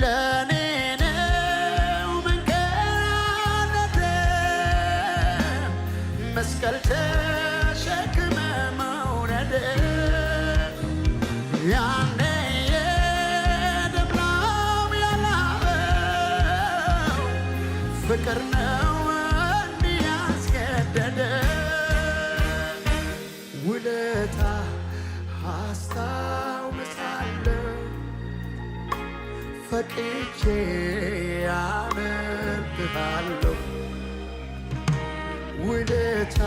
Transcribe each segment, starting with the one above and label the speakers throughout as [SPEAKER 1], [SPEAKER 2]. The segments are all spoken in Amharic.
[SPEAKER 1] ለኔ ነው መንከራተት መስቀል ተሸክመ መውረድ ያኔ የደብረም ፍቅር ነው ፈቅቼ አመልክሃለሁ ውለታ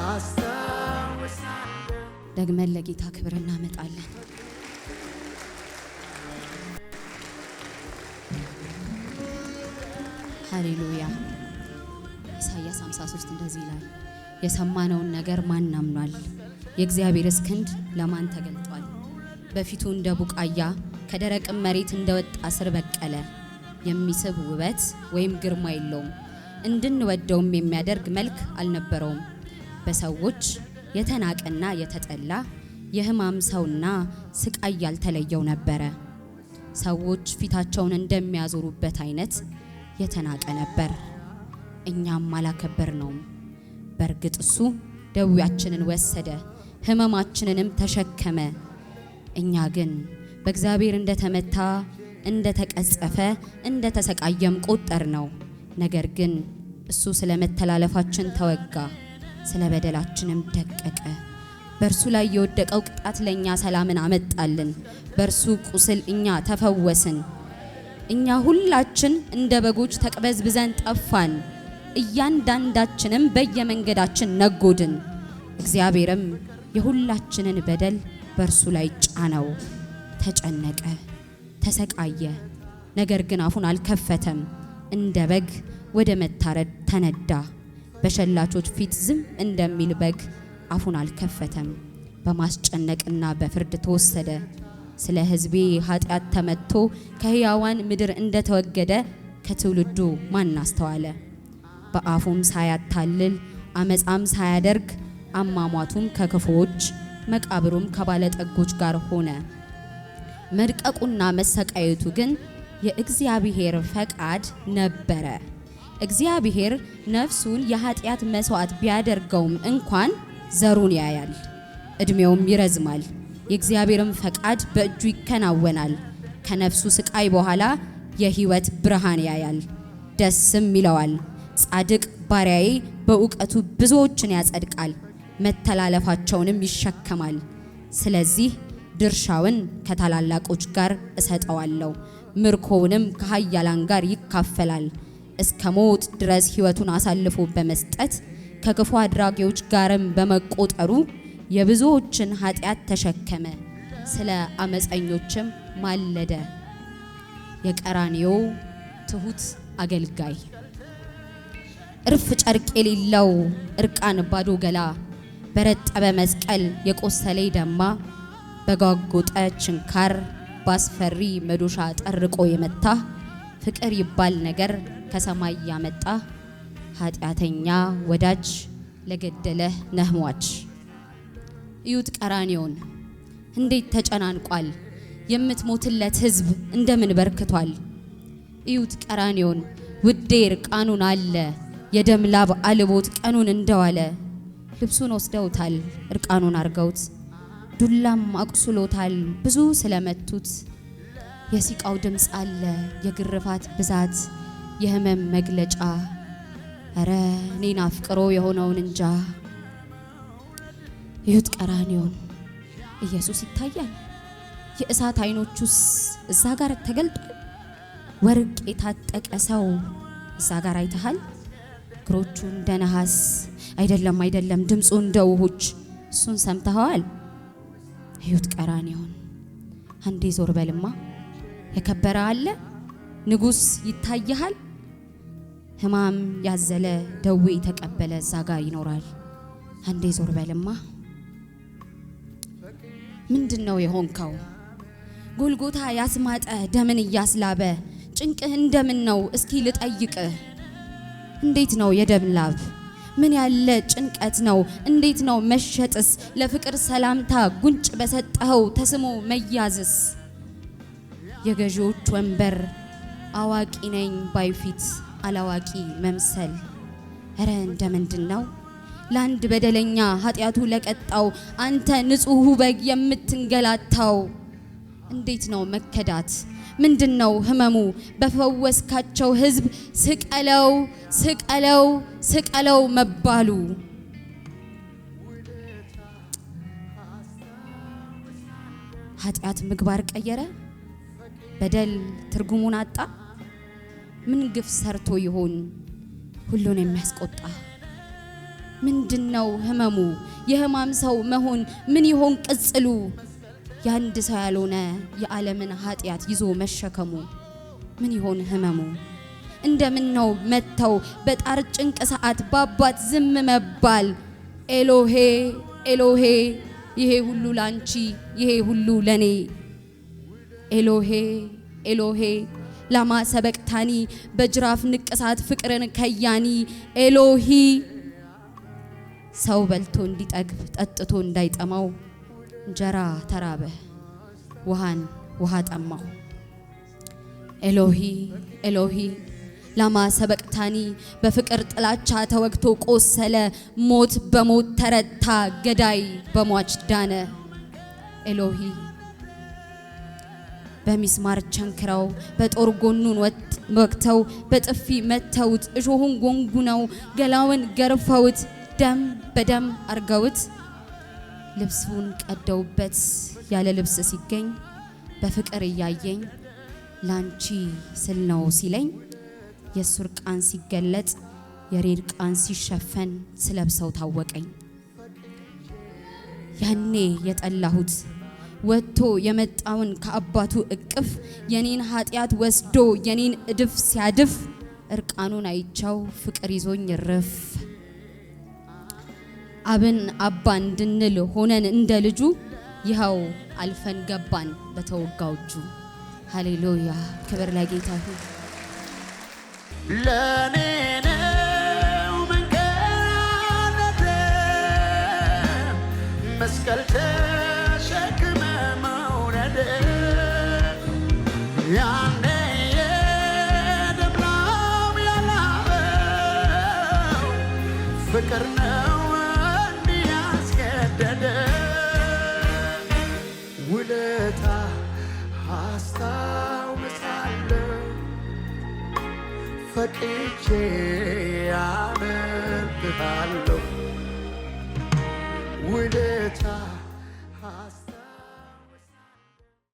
[SPEAKER 1] አስታውሳለሁ።
[SPEAKER 2] ደግመን ለጌታ ክብር እናመጣለን። ሃሌሉያ። ኢሳያስ 53 እንደዚህ ይላል፣ የሰማነውን ነገር ማን አምኗል? የእግዚአብሔርስ ክንድ ለማን ተገልጧል? በፊቱ እንደ ቡቃያ ከደረቅም መሬት እንደወጣ ስር በቀለ። የሚስብ ውበት ወይም ግርማ የለውም፣ እንድንወደውም የሚያደርግ መልክ አልነበረውም። በሰዎች የተናቀና የተጠላ የሕማም ሰውና ስቃይ ያልተለየው ነበረ። ሰዎች ፊታቸውን እንደሚያዞሩበት አይነት የተናቀ ነበር፣ እኛም አላከበር ነውም። በእርግጥ እሱ ደዌያችንን ወሰደ፣ ሕመማችንንም ተሸከመ። እኛ ግን በእግዚአብሔር እንደተመታ እንደተቀጸፈ እንደተሰቃየም ቆጠር ነው። ነገር ግን እሱ ስለ መተላለፋችን ተወጋ፣ ስለ በደላችንም ደቀቀ። በእርሱ ላይ የወደቀው ቅጣት ለእኛ ሰላምን አመጣልን፣ በእርሱ ቁስል እኛ ተፈወስን። እኛ ሁላችን እንደ በጎች ተቅበዝብዘን ጠፋን፣ እያንዳንዳችንም በየመንገዳችን ነጎድን። እግዚአብሔርም የሁላችንን በደል በእርሱ ላይ ጫነው። ተጨነቀ፣ ተሰቃየ። ነገር ግን አፉን አልከፈተም። እንደ በግ ወደ መታረድ ተነዳ። በሸላቾች ፊት ዝም እንደሚል በግ አፉን አልከፈተም። በማስጨነቅና በፍርድ ተወሰደ። ስለ ሕዝቤ ኃጢአት ተመትቶ ከሕያዋን ምድር እንደተወገደ ከትውልዱ ማን አስተዋለ? በአፉም ሳያታልል አመፃም ሳያደርግ አሟሟቱም ከክፉዎች መቃብሩም ከባለጠጎች ጋር ሆነ። መድቀቁና መሰቃየቱ ግን የእግዚአብሔር ፈቃድ ነበረ። እግዚአብሔር ነፍሱን የኃጢአት መስዋዕት ቢያደርገውም እንኳን ዘሩን ያያል፣ እድሜውም ይረዝማል፣ የእግዚአብሔርም ፈቃድ በእጁ ይከናወናል። ከነፍሱ ስቃይ በኋላ የህይወት ብርሃን ያያል፣ ደስም ይለዋል። ጻድቅ ባሪያዬ በእውቀቱ ብዙዎችን ያጸድቃል፣ መተላለፋቸውንም ይሸከማል። ስለዚህ ድርሻውን ከታላላቆች ጋር እሰጠዋለሁ፣ ምርኮውንም ከሀያላን ጋር ይካፈላል። እስከ ሞት ድረስ ሕይወቱን አሳልፎ በመስጠት ከክፉ አድራጊዎች ጋርም በመቆጠሩ የብዙዎችን ኃጢአት ተሸከመ፣ ስለ አመፀኞችም ማለደ። የቀራንዮ ትሁት አገልጋይ እርፍ ጨርቅ የሌለው እርቃን ባዶ ገላ በረጠበ መስቀል የቆሰለ ደማ በጓጎጠ ችንካር ባስፈሪ መዶሻ ጠርቆ የመታ ፍቅር ይባል ነገር ከሰማይ ያመጣ ኃጢአተኛ ወዳጅ ለገደለ ነህሟች። እዩት ቀራኔውን እንዴት ተጨናንቋል! የምትሞትለት ህዝብ እንደምን በርክቷል! እዩት ቀራኔውን ውዴ እርቃኑን አለ የደም ላብ አልቦት ቀኑን እንደዋለ ልብሱን ወስደውታል እርቃኑን አርገውት ዱላም አቁስሎታል ብዙ ስለመቱት። የሲቃው ድምፅ አለ የግርፋት ብዛት የህመም መግለጫ እረ እኔን አፍቅሮ የሆነውን እንጃ። ይሁት ቀራኔውን ኢየሱስ ይታያል የእሳት አይኖቹስ እዛ ጋር ተገልጧል። ወርቅ የታጠቀ ሰው እዛ ጋር አይተሃል። እግሮቹ እንደ ነሐስ አይደለም አይደለም ድምፁ እንደ ውሆች እሱን ሰምተኸዋል። እዩት ቀራንዮን። አንዴ ዞር በልማ የከበረ አለ ንጉስ ይታየሃል። ህማም ያዘለ ደዌ የተቀበለ እዛ ጋር ይኖራል። አንዴ ዞር በልማ ምንድን ነው የሆንከው? ጎልጎታ ያስማጠ ደምን እያስላበ ጭንቅህ እንደምን ነው እስኪ ልጠይቅህ፣ እንዴት ነው የደም ላብ ምን ያለ ጭንቀት ነው! እንዴት ነው መሸጥስ! ለፍቅር ሰላምታ ጉንጭ በሰጠኸው ተስሞ መያዝስ! የገዢዎች ወንበር አዋቂ ነኝ ባይፊት አላዋቂ መምሰል እረ እንደ ምንድን ነው ለአንድ በደለኛ ኃጢአቱ ለቀጣው አንተ ንጹሕ በግ የምትንገላታው እንዴት ነው መከዳት? ምንድን ነው ህመሙ? በፈወስካቸው ህዝብ ስቀለው ስቀለው ስቀለው መባሉ ኃጢአት ምግባር ቀየረ? በደል ትርጉሙን አጣ? ምን ግፍ ሰርቶ ይሆን ሁሉን የሚያስቆጣ? ምንድን ነው ህመሙ? የህማም ሰው መሆን ምን ይሆን ቅጽሉ? የአንድ ሰው ያልሆነ የዓለምን ኃጢአት ይዞ መሸከሙ ምን ይሆን ህመሙ? እንደምን ነው መጥተው በጣር ጭንቅ ሰዓት በአባት ዝም መባል ኤሎሄ ኤሎሄ ይሄ ሁሉ ላንቺ ይሄ ሁሉ ለኔ ኤሎሄ ኤሎሄ ላማ ሰበቅታኒ በጅራፍ ንቅሳት ፍቅርን ከያኒ ኤሎሂ ሰው በልቶ እንዲጠግብ ጠጥቶ እንዳይጠማው እንጀራ ተራበ፣ ውሃን ውሃ ጠማው። ኤሎሂ ኤሎሂ ላማ ሰበቅታኒ፣ በፍቅር ጥላቻ ተወግቶ ቆሰለ። ሞት በሞት ተረታ፣ ገዳይ በሟች ዳነ። ኤሎሂ በሚስማር ቸንክረው በጦር ጎኑን ወቅተው በጥፊ መተውት እሾሁን ጎንጉነው ገላውን ገርፈውት ደም በደም አርገውት ልብሱን ቀደውበት ያለ ልብስ ሲገኝ በፍቅር እያየኝ ላንቺ ስል ነው ሲለኝ የእሱ እርቃን ሲገለጥ የሬድ ቃን ሲሸፈን ስለብሰው ታወቀኝ። ያኔ የጠላሁት ወጥቶ የመጣውን ከአባቱ እቅፍ የኔን ኃጢአት ወስዶ የኔን እድፍ ሲያድፍ እርቃኑን አይቻው ፍቅር ይዞኝ ርፍ አብን አባ እንድንል ሆነን እንደ ልጁ ይኸው አልፈን ገባን በተወጋው እጁ። ሃሌሉያ! ክብር ለጌታ ይሁን። ለኔ ነው መንገድ መስቀል ተሸክመ መውረድ ያኔ ፍቅር ነው ፈቅቼ አመልክሃለሁ ውለታ